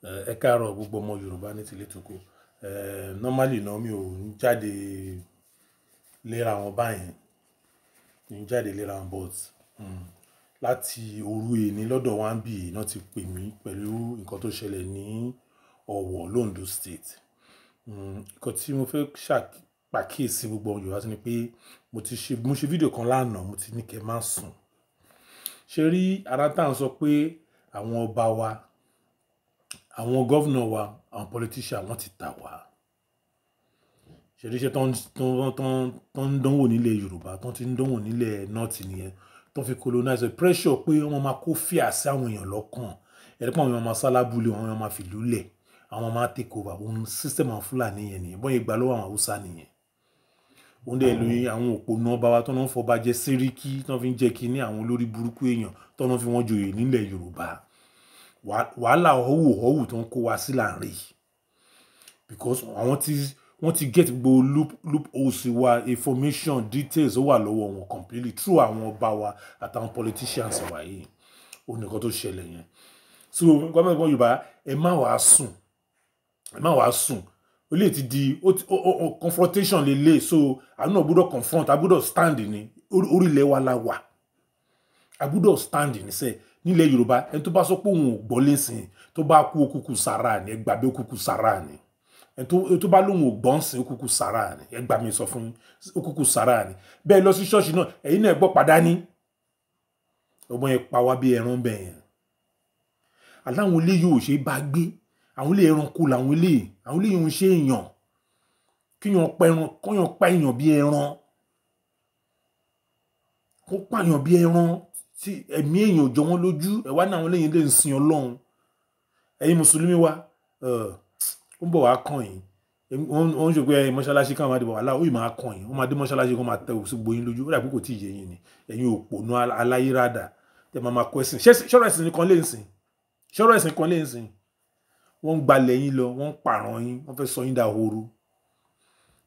ẹ káàárọ̀ gbogbo ọmọ Yorùbá ní tilé toko. Eh, normally náà mi ò ń jáde léra wọn báyẹn. Mi ò ń jáde léra wọn but hmm, láti òru èní lọ́dọ̀ wa ń bí yìí náà ti pè mí pẹ̀lú nǹkan tó ṣẹlẹ̀ ní Ọ̀wọ̀ Ondo State. Hmm, nǹkan tí mo fẹ́ ṣàpàkíyèsí gbogbo ọmọ Yorùbá ni pé mo ti ṣe, mo ṣe fídíò kan lánàá mo ti ní kí má sùn. Ṣé rí ara tá ń sọ pé àwọn ọba wa àwọn gọ́vnà wa àwọn politician wọ́n ti tà wá ṣèríṣẹ́ tó ń dánwò nílẹ̀ Yorùbá tó ti ń dánwò nílẹ̀ north nìyẹn tó fi colonize pressure pé wọ́n máa kó fíà sí àwọn èèyàn lọ́kàn ẹ̀rí pé àwọn èèyàn máa sálábùlé àwọn èèyàn máa fìlú lẹ̀ àwọn máa take over òun system àwọn Fúlàní yẹn nìyẹn bọ́n ìgbà lọ́wọ́ àwọn Haúsá nìyẹn òun dẹ̀ lóyún àwọn òpònú ọba wa tó náà fọba jẹ Sẹ́ríkì tó fi ń jẹ́ kínní àwọn olórí burúkú èèyàn tó náà fi wọ́n joyè nílẹ̀ Yorùbá wàhálà ọ̀hún ọ̀hún tó ń kó wa sí láàrin yìí because àwọn tí wọ́n ti get gbogbo loop loop holes wa information details ó wà lọ́wọ́ wọn completely through àwọn ọba wa àtàwọn politicians wa yìí ó ní nǹkan tó ṣẹlẹ̀ yẹn so gómìnà ìpínlẹ̀ Yorùbá ẹ má wàá sùn ẹ má wàá sùn ó lè ti di confrontation lè lè so àánú náà gbọ́dọ̀ confront a gbọ́dọ̀ stand ni orí ilẹ̀ wa la wà a stand ni sẹ́ẹ̀ nílẹ̀ yorùbá ẹni tó bá sọ pé òun ò gbọ́ lẹ́sìn tó bá kú okùnkùn sára ni ẹgbà bí okùnkùn sára ni ẹni tó bá lóun ò gbọ́n sìn okùnkùn sára ni ẹgbà mi sọ fún okùnkùn sára ni bẹ́ẹ̀ lọ sí ṣọ́ọ̀ṣì náà ẹ̀yin náà gbọ́ padà ní ọmọ yẹn pa wá bí ẹran bẹ́ẹ̀ yẹn aláwọn ilé yóò ṣe bá gbé àwọn ilé ẹranko làwọn ilé àwọn ilé yóò ṣe èèyàn kíyàn pa ẹran kọ́yàn pa èèyàn bí ẹran kó pààyàn bí ẹran tí ẹ̀mí èèyàn ò jọ wọ́n lójú ẹ̀ wá ní àwọn lẹ́yìn lè ń sin ọlọ́run ẹ̀yin mùsùlùmí wa ó ń bọ̀ wá kàn yín wọ́n ń ṣe pé ẹ̀yin mọ́ṣáláṣí káwọn máa dìbò wà láwọ́ ìmọ̀ akàn yín wọ́n máa dé mọ́ṣáláṣí kan máa tẹ òsì gboyin lójú ó dàbí kò tí ì yé yín ni ẹ̀yin òpònú aláyírádà tẹ́ máa máa kọ́ ẹ̀sìn ṣọ́rọ̀ ẹ̀sìn kan lè ń sìn ṣọ́rọ̀ ẹ̀sìn kan lè ń sìn wọ́n gbalẹ̀ yín lọ wọ́n pààrọ̀ yín wọ́n fẹ́ sọ yín dahoro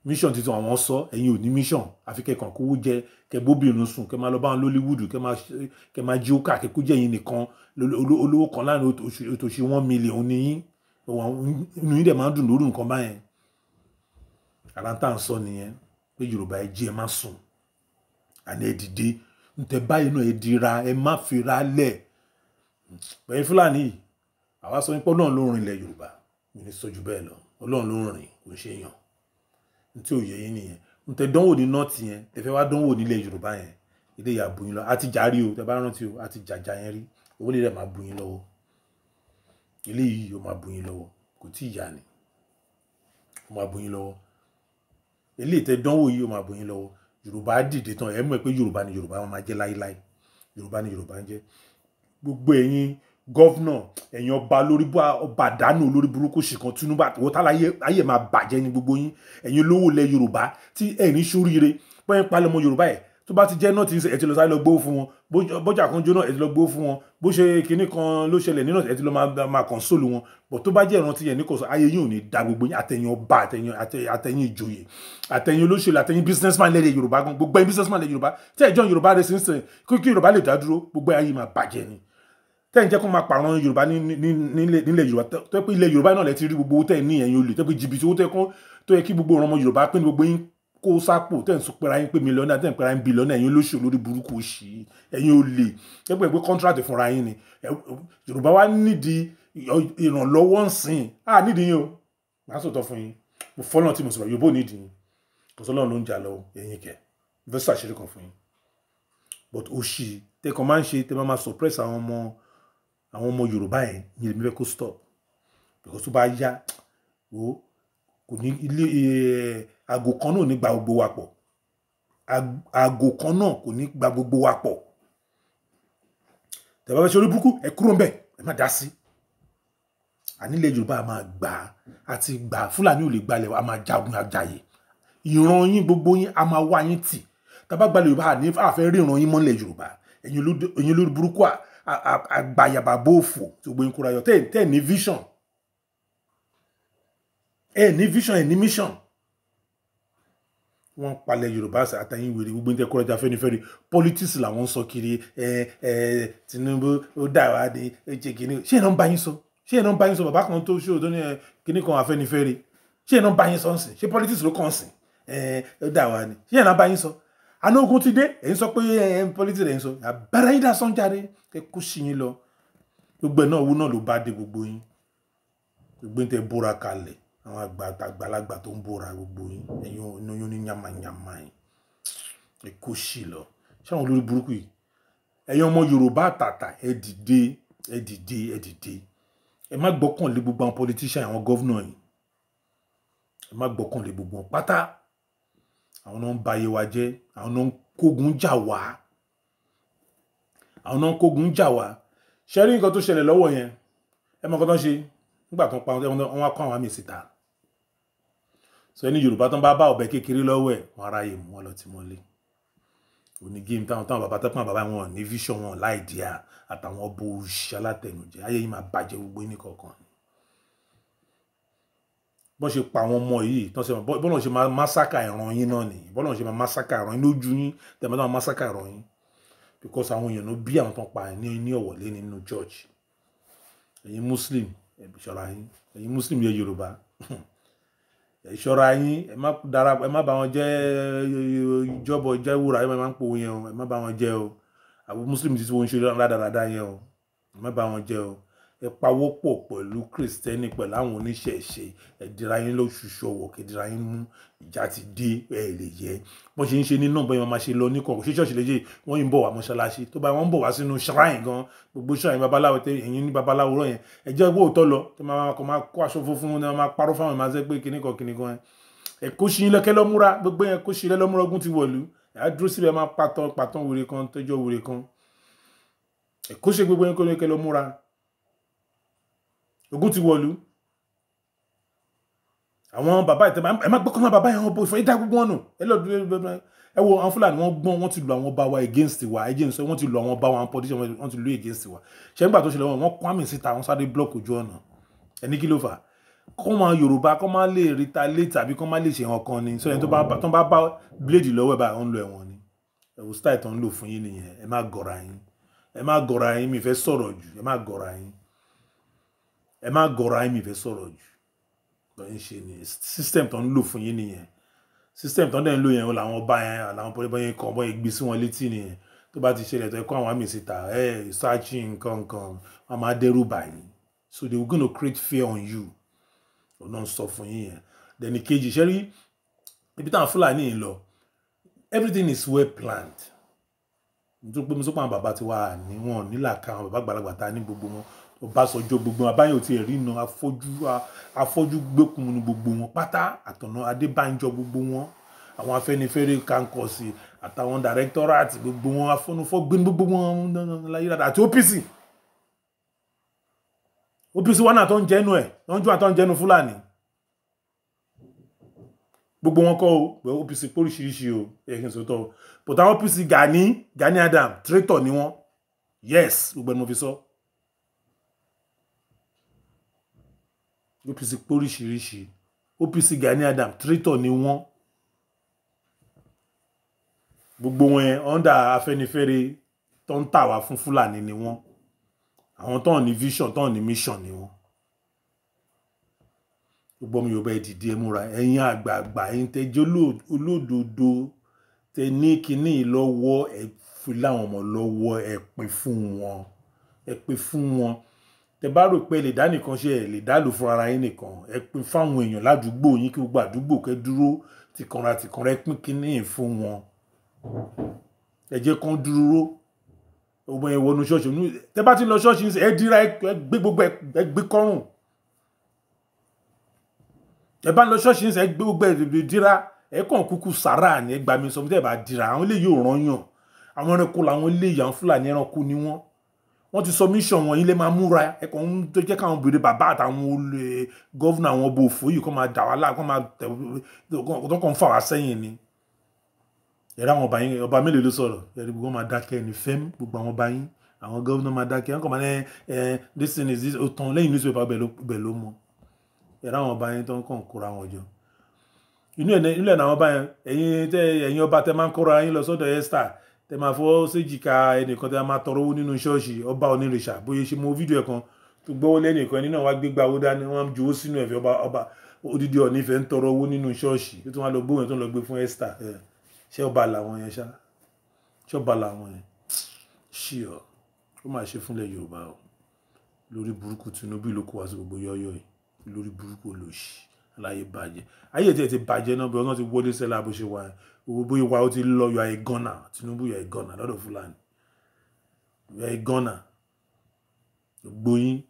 mission titun àwọn sọ ẹ̀yin ò ní mission àfi kẹkàn kówó jẹ kẹbóbìnrin sùn kẹ máa lọ bá wọn lóllywood kẹ máa jí ó kà kẹkó jẹ ẹ̀yin nìkan olówó kan láàrin òtòṣì one million níyìn inú yín dẹ̀ máa ń dùn lórí nǹkan báyẹn ara ń tà ń sọ nìyẹn pé yorùbá ẹ jí ẹ má sùn àní ẹ dìde ntẹ báyìí náà ẹ dira ẹ má fira lẹ bẹ́ẹ̀ fúlàní àwa sọ nípa ọlọ́run ló rìn ilẹ̀ yorùbá mi ní sọ jù bẹ́ẹ̀ lọ ọlọ́run ló rìn kò ṣe yàn ntí ò yẹ yín nìyẹn ntẹ dánwò ní nọ́ọ̀tì yẹn tẹfẹ́ wá dánwò nílẹ̀ yorùbá yẹn ilé ìyá buyin lọ àti jàrí o tẹ bá rántí o àti jàjà yẹn rí owó lè rẹ̀ máa buyin lọ́wọ́ ilé yìí ó máa buyin lọ́wọ́ kò tí ì yá ni ó máa buyin lọ́wọ́ ilé ìtẹ dánwò yìí ó máa buyin lọ́wọ́ yorùbá dìde tán ẹ mọ̀ pé yorùbá ni yorùbá máa jẹ́ láíláí yorùbá ni yorùbá ń jẹ́ gbogbo ẹ̀yin gọ́vnà ẹ̀yin ọba lórí ọba àdánù lórí burúkú ṣìkan Tinubu àtọwọ́ tá láyé máa bàjẹ́ ní gbogbo yín ẹ̀yin olówó ilẹ̀ Yorùbá tí ẹ̀rín ṣoríire bọ́ yẹn palẹ̀ ọmọ Yorùbá ẹ̀ tó bá ti jẹ́ náà ti ń sẹ ẹ̀ ti lọ sáré lọ gbówó fún wọn bọ́jà kan jóná ẹ̀ ti lọ gbówó fún wọn bó ṣe kinní kan ló ṣẹlẹ̀ nínú ẹ̀ ti lọ máa kàn sóòlù wọn bọ̀ tó bá jẹ́ ìrántí yẹn ní kò sọ ayé yìí ò ní da gbogbo yín àtẹ̀yìn ọba àtẹ̀yìn ìjòyè àtẹ̀yìn olóṣèlú àtẹ̀yìn businessman lẹ́lẹ̀ Yorùbá gan gbogbo ẹ̀yin businessman lẹ́lẹ̀ Yorùbá tẹ́ ẹ̀jọ́ Yorùbá rẹ̀ sí ń sẹ̀ kí Yorùbá lè dá dúró gbogbo ayé máa bàjẹ́ ni tẹ́ ń jẹ́ kó máa pààrọ̀ yorùbá nílẹ̀ yorùbá tó pé ilẹ̀ yorùbá náà lẹ ti rí gbogbo owó tẹ́ ní ẹ̀yìn olè tó pé jìbìtì owó tó yẹ kí gbogbo ọmọ yorùbá pé ní gbogbo yín kó sápò tẹ́ ń sọ pé ara yín pé mílíọ̀nù tẹ́ ń pera yín bílíọ̀nù ẹ̀yìn olóṣù lórí burúkú òṣì ẹ̀yìn olè tẹ́ pé kọ́ńtrátì fúnra yín ni yorùbá wa nídìí ìrànlọ́wọ́ ń sìn á nídìí yín o màá sòtọ́ fún yín mo fọ́lọ́n tí mo sọ̀rọ̀ yorùbá ò nídìí yín kò sọ́lọ́run ló ń jà lọ ẹ̀yìn kẹ vẹ́sà ṣeré kan but òṣì tẹ́kọ̀ máa ń ṣe tẹ́ máa máa suppress àwọn ọmọ àwọn ọmọ Yorùbá yẹn ní èmi fẹ́ kó stop because tó bá yá o kò ní ilé aago kan náà ní gba gbogbo wa pọ̀ aago kan náà kò ní gba gbogbo wa pọ̀ tẹ̀wá bá ṣe orí burúkú ẹ kúrò ń bẹ̀ ẹ má dá sí ànílẹ̀ Yorùbá a máa gbà á àti gbà Fúlàní ò lè gbalẹ̀ a máa jagun àjàyè ìran yín gbogbo yín a máa wá yín tì tàbá gbalẹ̀ Yorùbá àní àfẹ́ ríran yín mọ́lẹ̀ Yorùbá ẹ̀yin olórí burúkú à àgbàyàbàbò òfò gbogbo yín kóra yọ tẹ́ ẹ̀ ní vision ẹ̀ e, ní vision ẹ̀ e ní mission wọ́n palẹ̀ yorùbá àtàyìn wèrè gbogbo ní tẹ́kọ̀rọ̀ jà fẹ́nifẹ́re politics làwọn ń sọ kiri ẹ ẹ Tinubu ó dà wá dé ẹ jẹ kìnìún ṣé ìran bá yín sọ ṣé ìran bá yín sọ bàbá kan tó ṣòro tó ní ẹ kìnìún kan àfẹ́nifẹ́re ṣé ìran bá yín sọ ń sìn ṣé politics ló kàn sìn ẹ ó dà wá ni ṣé ìran bá yín sọ àná ogun ti dé èyí sọ pé ẹ ń pọ́lítì rẹ̀ ń sọ àbára yín dà sọ́njáde ẹ kó sí yín lọ gbogbo ẹ̀ náà owó náà ló bá dé gbogbo yín gbogbo yín tẹ bóra kalẹ̀ àwọn àgbàlagbà tó ń bóra gbogbo yín ẹ̀yin oyún ní yamayama yín ẹ kó sí lọ ṣáwọn olórí burúkú yìí ẹ̀yin ọmọ Yorùbá àtàtà ẹ dìde ẹ dìde ẹ dìde ẹ má gbọ́kànlé gbogbo àwọn pọlitíṣàn àwọn gọ́vnà àwọn náà ń ba ayé wa jẹ́ àwọn náà ń kógun jà wá àwọn náà ń kógun jà wá ṣe rí nǹkan tó ṣẹlẹ̀ lọ́wọ́ yẹn ẹ mọ̀ nǹkan tó ń ṣe nígbà tó ń pa wọn kọ́ àwọn àmì síta so ẹni Yorùbá tó ń bá bá ọ̀bẹ kékeré lọ́wọ́ ẹ̀ wọn ara yẹ mú wọn lọ tí wọ́n lé òní géèmù táwọn táwọn bàbá tẹ́pọ̀n bàbá wọn ní vision wọn láì díà àtàwọn ọbọ̀ òṣìṣẹ́ alátẹnujẹ ayé yìí máa bàjẹ́ gbogbo ní kọ̀ọ̀kan ni bọ́n ṣe pa àwọn ọmọ yìí tán ṣe bọ́n ṣe máa másákà ìran yín náà nìyí bọ́n ṣe máa másákà ìran yín lójú yín tẹ̀mọ́ náà másákà ìran yín because àwọn èèyàn ló bí àwọn tán pa ní ní ọ̀wọ̀lé nínú church ẹ̀yin muslim ẹ ṣọ́ra yín ẹ̀yin muslim yẹ yorùbá ẹ ṣọ́ra yín ẹ má darapọ̀ ẹ má bá wọn jẹ́ ìjọ́bọ̀ jẹ́ wúrà ẹ má ń pòwó yẹn o má bá wọn jẹ́ o àwọn muslim ti ti wọn ṣe rádaràda yẹn o ẹ má bá wọn jẹ́ o ẹ pawó pọ̀ pẹ̀lú kristẹni pẹ̀lú àwọn oníṣẹ̀ṣe ẹ̀dìrà yín lóṣooṣù ọ̀wọ̀ kẹdìrà yín mú ìjà ti dé ẹ̀ lè yẹ bọ́n ṣe ń ṣe nínú bọ́n yẹn máa ṣe lọ ní kọ̀ọ̀kọ̀ ṣé ṣọ́ọ̀ṣì léjì wọ́n yìí ń bọ̀ wá mọ́ṣáláṣí tó bá wọ́n ń bọ̀ wá sínú shrine gan gbogbo shrine babaláwo tẹ ẹ̀yin ní babaláwo rọ̀ yẹn ẹ jẹ́ owó òótọ́ lọ tó máa kọ́ máa kó aṣọ funfun náà máa parọ́ fáwọn ìmáṣẹ́ pé kinní kan kinní kan ẹ kó ṣí lẹ́kẹ́ lọ́múra gbogbo yẹn kó ṣí lẹ́ lọ́múra ogun ti wọ̀lú ẹ̀ á dúró síbẹ̀ máa pàtàn pàtàn wèrè kan tọ́jọ́ wèrè kan ẹ kó ṣe gbogbo yẹn kó lẹ́kẹ́ lọ́múra Ògún ti wọ̀lú àwọn bàbá ìtẹ́ ẹ má gbọ́kànlá bàbá yẹn ọbọ ìfẹ́ ìdá gbogbo wọn nù ẹ lọ ẹ wo àwọn Fúlàní wọn gbọ́n wọn ti lo àwọn ọba wa against wa ẹ jẹ́ n sọ wọn ti lo àwọn ọba wa àwọn politician wọn ti lo against wa ṣé nígbà tó ṣẹlẹ̀ wọn wọn Kwame síta wọn sáré block ojú ọ̀nà ẹni kí ló fà kọ́ máa Yorùbá kọ́ máa lè retaliate tàbí kọ́ máa lè ṣe nǹkan ni sọ yẹn tó bá bá blade lọ́wọ́ bá ń lo ẹ̀wọ̀n ni ẹ̀wọ̀n style ẹ má gọ̀rọ̀ àìmì fẹ́ sọ̀rọ̀ jù lọ ń ṣe nìyẹn system tó ń lò fún yín nìyẹn system tó ń dẹ̀ ń lò yẹn wọn làwọn bá yẹn làwọn pọlẹ́pọ̀ yẹn kàn bọ́ yẹn gbé sí wọn létí nìyẹn tó bá ti ṣẹlẹ̀ tó ẹ kó àwọn àmì síta ẹ ìsáàchì nǹkan nǹkan wọn máa dẹ́rù báyìí so they were gonna create fear on you ọ̀nà ń sọ fún yín yẹn then ìkejì ṣẹ́rí ibi táwọn fúlàní yìí lọ everything is well planned nítorí pé mo sọ pé àwọn bàbá ti wà ní nílà ká àwọn bàbá àgbàlagbà ta ní gbogbo wọn Ọbásanjọ́ gbogbo abáyọ̀ tí ẹ̀rí na afọ́jú afọ́jú gbẹ́kùn ní gbogbo wọn pátá àtọ̀nà Adébánjọ gbogbo wọn àwọn Afẹ́nifẹ́re kankọ̀sì àtàwọn dàrẹ́kítọ́ràtì gbogbo wọn afọ́nufọ́ gbé gbogbo wọn láyé dáadáa àti OPC OPC wọn náà tó ń jẹnu ẹ̀ tó ń jù àtọ́ ń jẹnu Fúlàní gbogbo wọn kọ́ OPC póríṣiríṣi o ẹ̀kí o but àwọn OPC Gani Gani Adam traitor ni wọn yes gbogbo ẹni mo fi sọ. So. OPC póríṣiríṣi OPC Gani Adams traitor ni wọ́n gbogbo wọn under Afẹ́nifẹ́re tó ń tà wá fún Fúlàní ni wọ́n àwọn tó ń ní vision tó ń ní mission ni wọ́n gbogbo mi yóò bá dìde ẹ múra ẹ̀yin àgbààgbà ẹ̀yin tẹjẹ olódodo tẹ ní kinní lọ́wọ́ ẹ fi láwọn ọmọ lọ́wọ́ ẹ pín fún wọn ẹ pín fún wọn tẹ bá rò pé lè dá nìkan ṣe ẹ lè dá lò fún ara yín nìkan ẹ pín fáwọn èèyàn ládùúgbò yín kí gbogbo àdúgbò kẹ dúró tìkanra tìkanra ẹ pín kínní fún wọn ẹ jẹ́ kán dúró ọmọ ẹ wọnú ṣọ́ọ̀ṣì tẹ bá ti lọ ṣọ́ọ̀ṣì ẹ dira ẹ gbé gbogbo ẹ gbé kọ́rùn ẹ bá lọ ṣọ́ọ̀ṣì ẹ gbé gbogbo ẹ dira ẹ kàn kúkú sàrà ni ẹ gbà mí sọ fún tẹ bá dira àwọn eléyìí ò rán yàn àwọn ẹranko làwọn eléyìí àwọn fúlàní ẹranko ni wọn wọ́n ti submission wọn ilé máa múra ẹ̀kọ́ ń tó jẹ́ káwọn obìnrin bàbá àtàwọn olè gọ́vùnà àwọn ọba òfò yìí kó máa dà wá láà kó máa tẹ̀ tó kàn ń fà wá sẹ́yìn ni. ẹ̀rọ àwọn ọba yín ọba mélòó ló sọ̀rọ̀ ẹ̀rí gbogbo máa dákẹ́ ní fẹ́m gbogbo àwọn ọba yín àwọn gọ́vùnà máa dákẹ́ ẹ̀kọ́ máa ní ẹ̀ this thing is this ọ̀tàn lẹ́yìn ní sọ̀rọ̀ bẹ̀ ló mọ ẹ̀rọ àwọn ọba yín tó ń kàn kóra wọn jọ inú ẹ̀ náà ọba yẹn ẹ̀yin ọba tẹ máa ń kóra yín lọ sọ́dọ̀ Esther tẹ máa fọwọ́ séjìká ẹnìkan tẹ máa tọrọ owó nínú ṣọ́ọ̀ṣì ọba onírìṣà bóyá ṣe mo fídíò ẹ̀ kan tó gbọ́wọ́ lẹ́nìkan ẹni náà wá gbégbá owó dání wọ́n ju owó sínú ẹ̀fẹ́ ọba ọba odidi ọ̀ní ìfẹ́ ń tọrọ owó nínú ṣọ́ọ̀ṣì tó tún wá lọ gbóhùn tó ń lọ gbé fún Esther ẹ̀ ṣé ọba làwọn yẹn ṣá ṣé ọba làwọn yẹn ṣì ọ ó máa ṣe fúnlẹ̀ Yorùbá o lórí burúkú Tinubu ló kó wá sí gbogbo yọ́yọ́ yìí lórí burúkú olóṣì aláyé bàjẹ́ ayé tẹ̀ ti bàjẹ́ náà bí wọ́n ti wọlé sẹ́lá bó ṣe wà òwòbó ìwà ó ti lọ you are a gunner Tinubu you are a gunner lọ́dọ̀ Fulani. you are a gunner gbogbo yín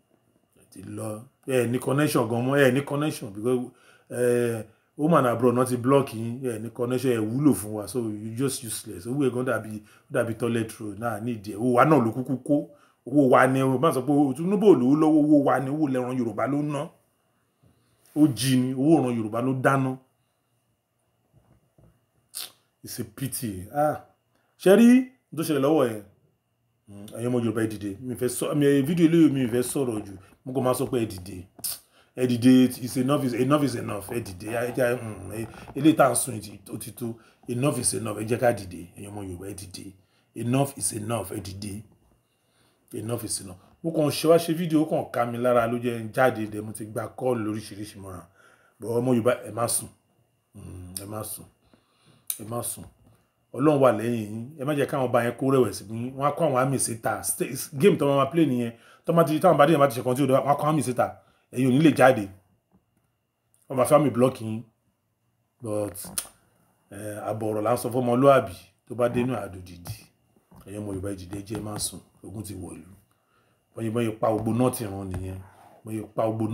ti lọ ẹ ní connection gan mọ ẹ ní connection because woman abroad náà ti block yín ẹ ní connection ẹ wúlò fún wa so you just useless owó ẹ̀gán dàbí dàbí toilet roll náà nídìí ẹ̀ owó wa náà ló kúkú kó owó wa ni o má sọ pé Tinubu ò lówó lọ́wọ́ owó wa ni owó lẹ́ran Yorùbá ló ná ó jí ni owó ìran Yorùbá ló dáná it's a pity ah Sherry, do tó ṣẹlẹ̀ lọ́wọ́ yẹn hmm, ẹ̀yin ọmọ Yorùbá ẹ dìde mi fẹ́ sọ mi fídíò eléyìí mi fẹ́ sọ̀rọ̀ jù mo kàn máa sọ pé ẹ dìde ẹ dìde it's enough is enough is enough ẹ dìde ẹ jẹ́ hmm, eléyìí tá à ń sùn enough is enough ẹ jẹ́ ká dìde ẹ̀yin ọmọ Yorùbá ẹ enough is enough ẹ enough is enough mo kàn ṣe wá ṣe fídíò ó kàn mi lára ló jẹ́ jáde dẹ̀ mo ti gba kọ́ọ̀lù lóríṣiríṣi mọ́ra bọ̀ ọmọ Yorùbá ẹ má sùn hmm, ẹ má sùn ẹ má sùn ọlọ́run wà lẹ́yìn yín ẹ má jẹ́ káwọn ọba yẹn kó rẹ̀wẹ̀sì fún yín wọ́n á kó àwọn àmì síta géèmù tó máa play nìyẹn tó máa ti táwọn bá dé yẹn bá ti ṣe kàn tí ò dé wọ́n á kó àmì síta ẹ̀yin ò ní lè jáde wọ́n máa fi àmì block yín but àbọ̀ ọ̀rọ̀ là ń sọ fún ọmọlúàbí tó bá dénú àdòdìdì ẹ̀yin ọmọ Yorùbá ìjìdẹ́ jẹ́ má sùn ogun ti wọ̀lú wọ́n yìí pa gbogbo náà ti ràn nìyẹn wọ́n yìí pa gbogbo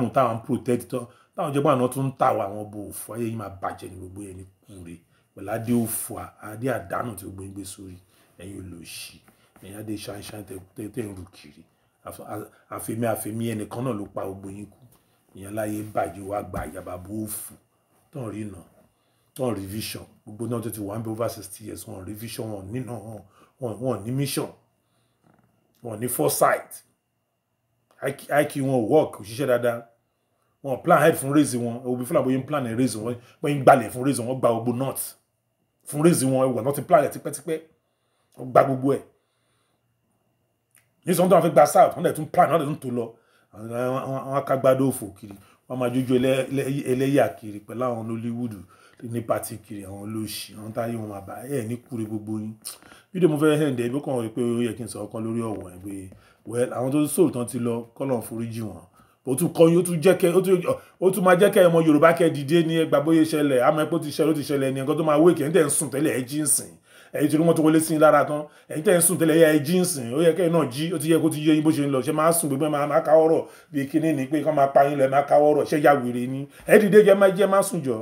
náà táwọn ìjọba àná tún ń tà wá àwọn ọbọ òfò ayé yìí máa bàjẹ́ ní gbogbo ẹni kúre pẹ̀lú adé òfò adé àdánù tí gbogbo ń gbé sórí ẹ̀yin olóòṣì ẹ̀yin adé ṣáńṣáń tẹ̀ ń rù kiri àfẹ́mi àfẹ́mi ẹnìkan náà ló pa gbogbo yín kú ìyẹn láyé bàjẹ́ wá gba ìyàbá bó òfò tán rí nà tán rí vision gbogbo náà tó ti wà ń bẹ over sixty years wọn rí vision wọn nínà wọn ní mission wọn ní foresight IQ wọn work òṣìṣẹ́ dáadáa wọn plan ahead fún raise wọn òbí fúlàní bóyá ń plan ẹ̀ raise wọn bóyá ń gbalẹ̀ fún raise wọn gba gbogbo north fún raise wọn ẹwà náà ti plan ẹ̀ tipẹ́tipẹ́ wọ́n gba gbogbo ẹ̀ ní sọ́ńtò wọn fẹ́ gba south wọ́n dẹ̀ tún plan wọ́n dẹ̀ tún tó lọ àwọn akagbádó òfò kiri wọ́n máa jójó ẹlẹ́yà kiri pẹ̀lú àwọn Nollywood ní pati kiri àwọn olóòṣì àwọn táyé wọn máa bá ẹ̀ ní kúrè gbogbo yín fídíò mo fẹ́ hẹ̀ǹdẹ̀ ibi kan rí pé ó yẹ kí n sọ ọkàn lórí ọ̀wọ̀ ẹ̀ pé well àwọn tó sóòtán ti lọ kọ́lọ̀ foríjì wọn ó tún kọyìn ó tún jẹ́ kẹ́ ó tún máa jẹ́ kẹ́ ọmọ yorùbá kẹ́ dìde ní ẹgbà bóyá ṣẹlẹ̀ àmọ́ ẹ̀pọ̀ ti ṣẹlẹ̀ ó ti ṣẹlẹ̀ ní nǹkan tó máa wé kẹ́ ń tẹ̀ ń sùn tẹ́lẹ̀ ẹ̀ jí ń sìn ẹ̀yìn tí wọ́n tó wọlé sí lára tán ẹ̀yìn tẹ̀ ń sùn tẹ́lẹ̀ ẹ̀ jí ń sìn ó yẹ kẹ́ náà jí ó ti yẹ kó ti yé yín bó ṣe ń lọ ṣe máa sùn gbogbo ẹ̀ máa káwọ́rọ̀ bíi kíní ni pé kán máa pa yín lọ ẹ̀ máa káwọ́rọ̀ ṣẹ́ ya wèrè ni ẹ̀ dìde jẹ́ máa jẹ́ máa sùn jọ.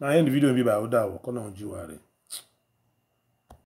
máa yẹn ní fídíò bíbá ó dà wọ́ kọ́ náà jí wa rẹ̀.